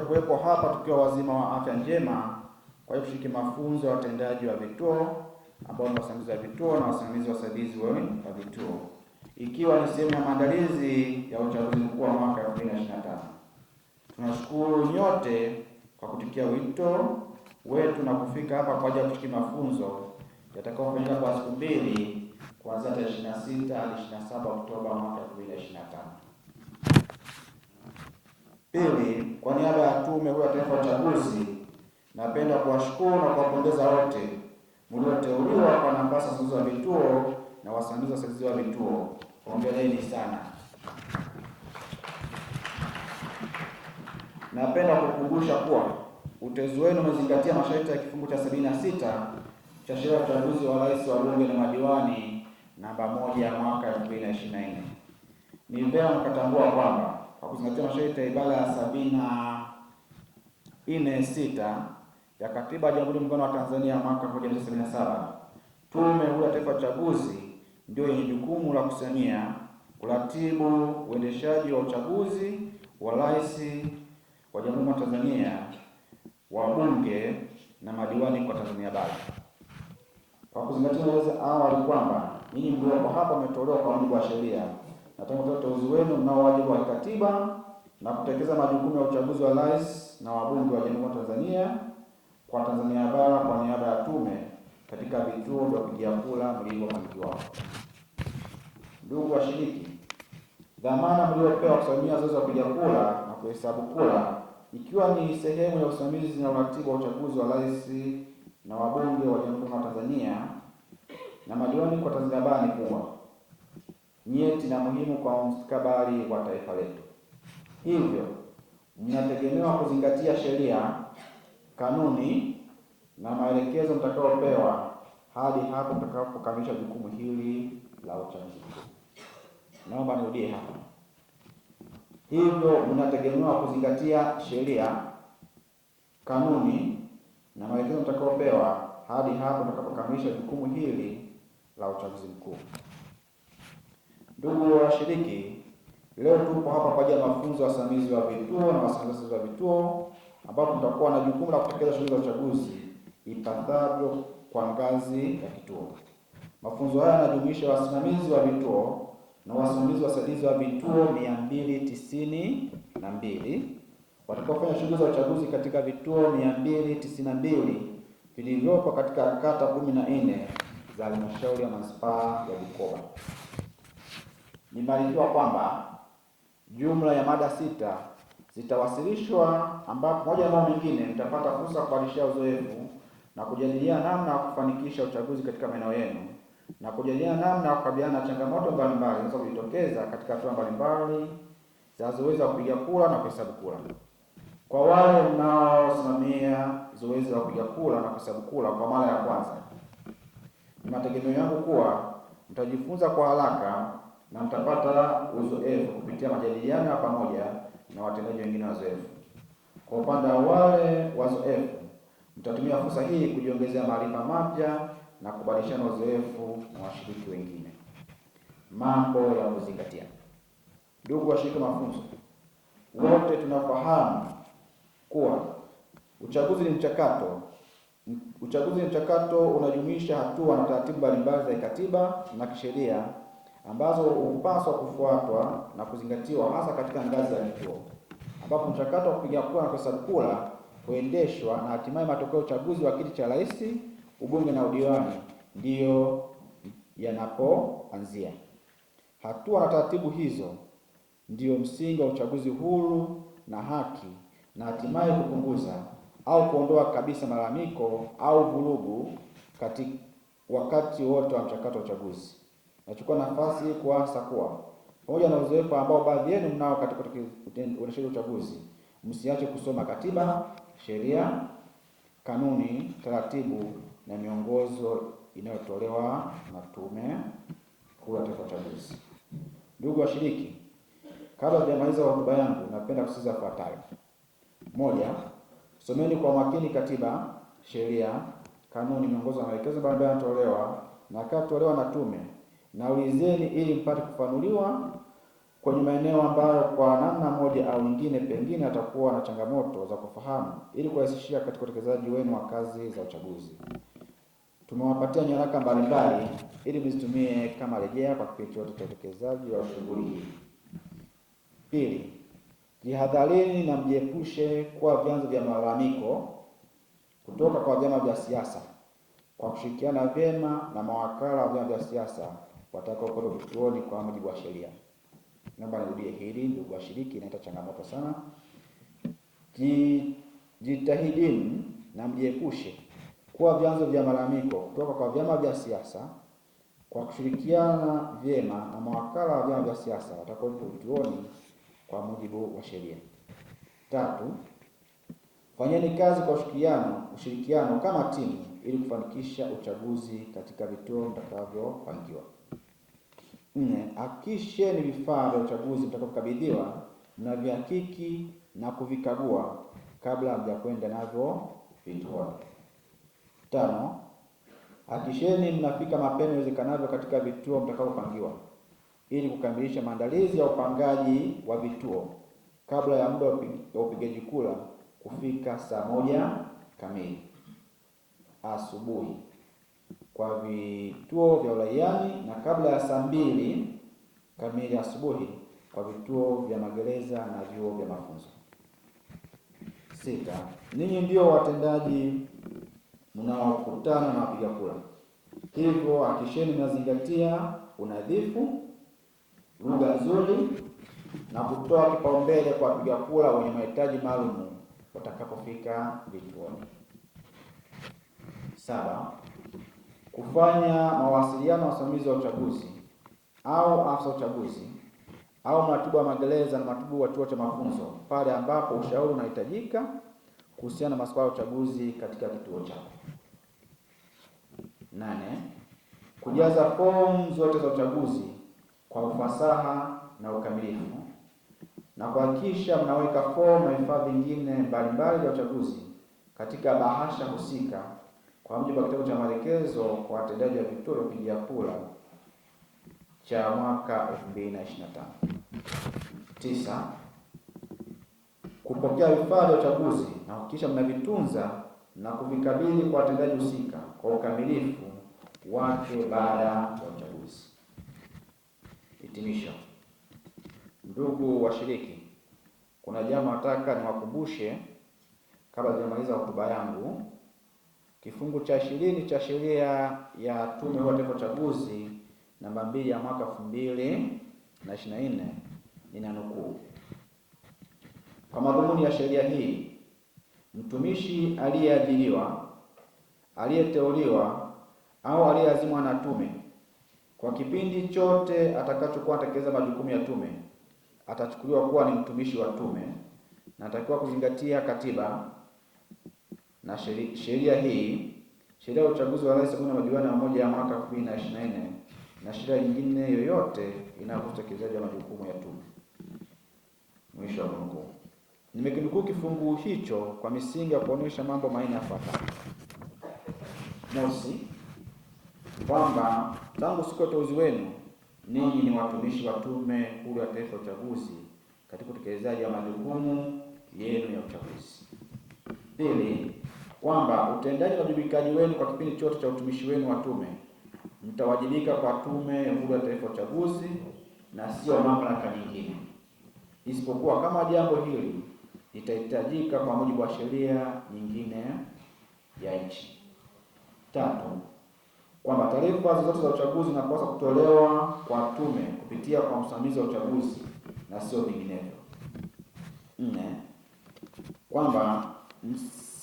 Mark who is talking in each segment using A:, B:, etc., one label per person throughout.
A: kuwepo hapa tukiwa wazima wa afya njema kwa hiyo kushiriki mafunzo ya watendaji wa vituo ambao ni wasimamizi wa vituo na wasimamizi wasaidizi wa vituo, ikiwa ni sehemu ya maandalizi ya uchaguzi mkuu wa mwaka 2025. Tunashukuru nyote kwa kutikia wito wetu na kufika hapa kwa ajili ya kushiriki mafunzo yatakayofanyika kwa siku mbili kuanzia tarehe 26 hadi 27 Oktoba mwaka 2025. Pili, kwa niaba ya Tume Huru ya Taifa ya Uchaguzi, napenda kuwashukuru na kuwapongeza wote mlioteuliwa kwa nafasi wasimamizi wa vituo na wasimamizi wasaidizi wa vituo. Hongereni sana. Napenda kukumbusha kuwa uteuzi wenu umezingatia masharti ya kifungu cha 76 cha sheria ya uchaguzi wa rais wa bunge na madiwani namba moja mwaka 2024. Ni vyema mkatambua kwamba kwa kuzingatia masharti ya ibara ya sabini na nne sita ya katiba ya Jamhuri ya Muungano wa Tanzania mwaka 1977, Tume Huru ya Taifa ya Uchaguzi ndio yenye jukumu la kusimamia, kuratibu uendeshaji wa uchaguzi wa rais wa Jamhuri ya Tanzania, wa bunge na madiwani kwa Tanzania Bara. Kwa kuzingatia maelezo awali kwamba ninyi mliopo hapa umetolewa kwa mujibu wa sheria na tangu uteuzi wenu mnao wajibu wa katiba na kutekeleza majukumu ya uchaguzi wa rais na wabunge wa Jamhuri ya Tanzania kwa Tanzania bara kwa niaba ya tume katika vituo vya kupigia kura mlivyofanikiwa. Ndugu washiriki, dhamana mliopewa kusimamia zoezi la kupiga kura na kuhesabu kura ikiwa ni sehemu ya usimamizi na uratibu wa uchaguzi wa rais na wabunge wa Jamhuri ya Tanzania na madiwani kwa Tanzania bara ni kubwa nyeti na muhimu kwa mustakabali wa taifa letu. Hivyo mnategemewa kuzingatia sheria, kanuni na maelekezo mtakayopewa hadi hapo mtakapokamilisha jukumu hili la uchaguzi mkuu. Naomba nirudie hapa. Hivyo mnategemewa kuzingatia sheria, kanuni na maelekezo mtakayopewa hadi hapo mtakapokamilisha jukumu hili la uchaguzi mkuu. Ndugu washiriki, leo tupo hapa kwa ajili ya mafunzo ya wasimamizi wa vituo na wasimamizi wa vituo, ambapo tutakuwa na jukumu la kutekeleza shughuli za uchaguzi ipatavyo kwa ngazi ya kituo. Mafunzo haya yanajumuisha wasimamizi wa vituo na wasimamizi wasaidizi wa vituo mia mbili tisini na mbili watakaofanya shughuli za uchaguzi katika vituo mia mbili tisini na mbili vilivyopo katika kata kumi na nne za halmashauri ya manispaa ya Bukoba nimaliziwa kwamba jumla ya mada sita zitawasilishwa ambapo moja mao mingine mtapata fursa ya kubadilishia uzoefu na kujadiliana namna ya kufanikisha uchaguzi katika maeneo yenu na kujadiliana namna ya kukabiliana na changamoto mbalimbali kujitokeza katika hatua mbalimbali za zoezi la kupiga kura na kuhesabu kura. Kwa wale mnaosimamia zoezi la kupiga kura na kuhesabu kura kwa mara ya kwanza, ni mategemeo yangu kuwa mtajifunza kwa haraka na mtapata uzoefu kupitia majadiliano ya pamoja na watendaji wengine wazoefu. Kwa upande wa wale wazoefu, mtatumia fursa hii kujiongezea maarifa mapya na kubadilishana uzoefu na washiriki wengine. Mambo ya kuzingatia: ndugu washiriki mafunzo, wote tunafahamu kuwa uchaguzi ni mchakato uchaguzi ni mchakato unajumuisha hatua na taratibu mbalimbali za kikatiba na kisheria ambazo hupaswa kufuatwa na kuzingatiwa hasa katika ngazi ya vituo ambapo mchakato wa kupiga kura na kuhesabu kura huendeshwa na hatimaye matokeo ya uchaguzi wa kiti cha rais, ubunge na udiwani ndiyo yanapoanzia. Hatua na taratibu hizo ndiyo msingi wa uchaguzi huru na haki, na hatimaye kupunguza au kuondoa kabisa malalamiko au vurugu wakati wote wa mchakato wa uchaguzi. Nachukua nafasi hii kuasa kuwa pamoja na uzoefu ambao baadhi yenu mnao katika uendeshaji uchaguzi, msiache kusoma katiba, sheria, kanuni, taratibu na miongozo inayotolewa na Tume Huru ya Taifa ya Uchaguzi. Ndugu washiriki, kabla sijamaliza hotuba yangu, napenda kusisitiza yafuatayo: moja, someni kwa makini katiba, sheria, kanuni, miongozo na maelekezo mbalimbali yanatolewa na tolewa na tume naulizeni ili mpate kufanuliwa kwenye maeneo ambayo kwa namna moja au nyingine pengine atakuwa na changamoto za kufahamu ili kurahisishia katika utekelezaji wenu wa kazi za uchaguzi. Tumewapatia nyaraka mbalimbali ili mzitumie kama rejea kwa kipindi chote cha utekelezaji wa shughuli hii. Pili, jihadharini na mjiepushe kuwa vyanzo vya malalamiko kutoka kwa vyama vya siasa kwa kushirikiana vyema na mawakala wa vyama vya siasa watakaokwenda vituoni kwa mujibu wa sheria. Naomba nirudie hili, ndugu washiriki, inaita changamoto sana. Jitahidini na mjiepushe kuwa vyanzo vya malalamiko kutoka kwa vyama vya siasa kwa kushirikiana vyema na mawakala wa vyama vya siasa watakaoitwa vituoni kwa mujibu wa sheria. Tatu, fanyeni kazi kwa ushirikiano ushirikiano kama timu ili kufanikisha uchaguzi katika vituo mtakavyofanikiwa nne, ni vifaa vya uchaguzi vitakavyokabidhiwa mnavihakiki na kuvikagua kabla hamjakwenda navyo vituoni. Tano, hakikisheni mnafika mapema iwezekanavyo katika vituo mtakavyopangiwa ili kukamilisha maandalizi ya upangaji wa vituo kabla ya muda wa upigaji kura kufika saa moja kamili asubuhi kwa vituo vya uraiani na kabla ya saa mbili kamili asubuhi kwa vituo vya magereza na vyuo vya mafunzo. Sita, ninyi ndio watendaji mnaokutana na wapiga kura, hivyo hakisheni mnazingatia unadhifu, lugha nzuri na kutoa kipaumbele kwa wapiga kura wenye mahitaji maalum watakapofika vituoni. Saba, kufanya mawasiliano na wasimamizi wa uchaguzi au afisa uchaguzi au mratibu wa magereza na mratibu wa chuo cha mafunzo pale ambapo ushauri unahitajika kuhusiana na masuala ya uchaguzi katika kituo chako. Nane, kujaza fomu zote za uchaguzi kwa ufasaha na ukamilifu na kuhakikisha mnaweka fomu na vifaa vingine mbalimbali vya uchaguzi katika bahasha husika kwa mujibu wa kitabu cha maelekezo kwa watendaji wa vituo vya kupigia kura cha mwaka 2025 tisa, kupokea vifaa vya uchaguzi na kuhakikisha mnavitunza na kuvikabidhi kwa watendaji husika kwa ukamilifu wake baada ya uchaguzi. Hitimisho. Ndugu washiriki, kuna jambo nataka niwakumbushe kabla sijamaliza hotuba yangu. Kifungu cha ishirini cha sheria ya Tume Huru ya Uchaguzi namba mbili ya mwaka elfu mbili na ishirini na nne ninanukuu: kwa madhumuni ya sheria hii, mtumishi aliyeajiriwa, aliyeteuliwa au aliyeazimwa na tume kwa kipindi chote atakachokuwa anatekeleza majukumu ya tume atachukuliwa kuwa ni mtumishi wa tume na atakiwa kuzingatia katiba na sheria hii, sheria ya uchaguzi wa rais, na madiwani wa moja ya mwaka 2024 na sheria nyingine yoyote inayohusu utekelezaji wa majukumu ya tume. Mwisho wa nukuu. Nimekinukuu kifungu hicho kwa misingi ya kuonyesha mambo manne yafuatayo: mosi, kwamba tangu siku ya uteuzi wenu ninyi ni watumishi wa Tume Huru ya Taifa ya Uchaguzi katika utekelezaji wa majukumu yenu ya uchaguzi. Pili, kwamba utendaji na uwajibikaji wenu kwa kipindi chote cha utumishi wenu wa tume, mtawajibika kwa Tume Huru ya Taifa ya Uchaguzi na sio mamlaka nyingine, isipokuwa kama jambo hili litahitajika kwa mujibu wa sheria nyingine ya nchi. Tatu, kwamba taarifa zote za uchaguzi zinapaswa kutolewa kwa tume kupitia kwa msimamizi wa uchaguzi na sio vinginevyo. Nne, kwamba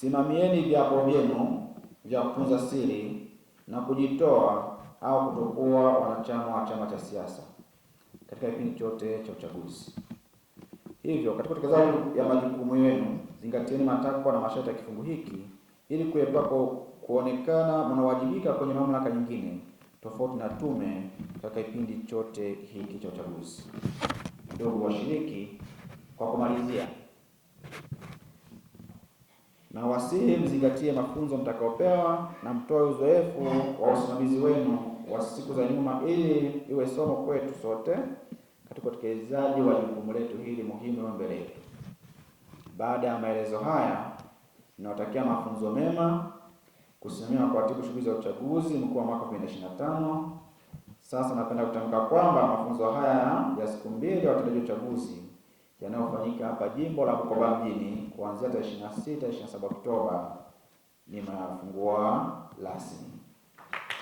A: simamieni viapo vyenu vya kutunza siri na kujitoa au kutokuwa wanachama wa chama cha siasa katika kipindi chote cha uchaguzi. Hivyo, katika utekelezaji ya majukumu yenu, zingatieni matakwa na masharti ya kifungu hiki ili kuepuka kuonekana mnawajibika kwenye mamlaka nyingine tofauti na tume katika kipindi chote hiki cha uchaguzi. Ndugu washiriki, kwa kumalizia na wasihi mzingatie mafunzo mtakaopewa na mtoe uzoefu wa usimamizi wenu wa siku za nyuma, ili iwe somo kwetu sote katika utekelezaji wa jukumu letu hili muhimu la mbele yetu. Baada ya maelezo haya, ninawatakia mafunzo mema kusimamia kwa shughuli za uchaguzi mkuu wa mwaka 2025. Sasa napenda kutamka kwamba mafunzo haya ya siku mbili ya watendaji uchaguzi yanayofanyika hapa jimbo la Bukoba mjini kuanzia tarehe 26 27 Oktoba ni mafungua rasmi.